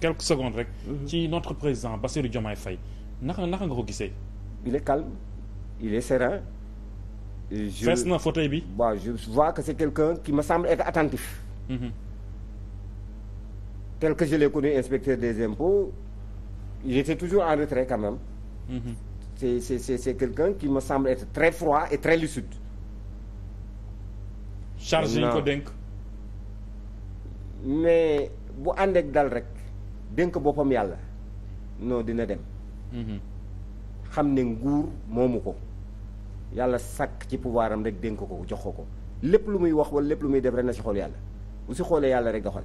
quelques secondes rek. Mhm. ci notre président Bassirou Diomaye Faye naka naka nga ko gise il est calme il est serein. je fees na bi. waaw je vois que c'est quelqu'un qui me semble être attentif. Mmh. tel que je l'ai connu inspecteur des impôts il était toujours en retrait quand même. Mmh. c'est c'est c'est quelqu'un qui me semble être très froid et très lucide. chargé ñu ko dénk. mais bu ànd dal rek. dénk boppam yàlla noo dina dem mm-hmm. xam ne nguur moomu ko yàlla sàkk ci pouvoir am rek dénk ko jox ko ko lépp lu muy wax wala lépp lu muy def rek na si xool yàlla bu si xoolee yàlla rek doxal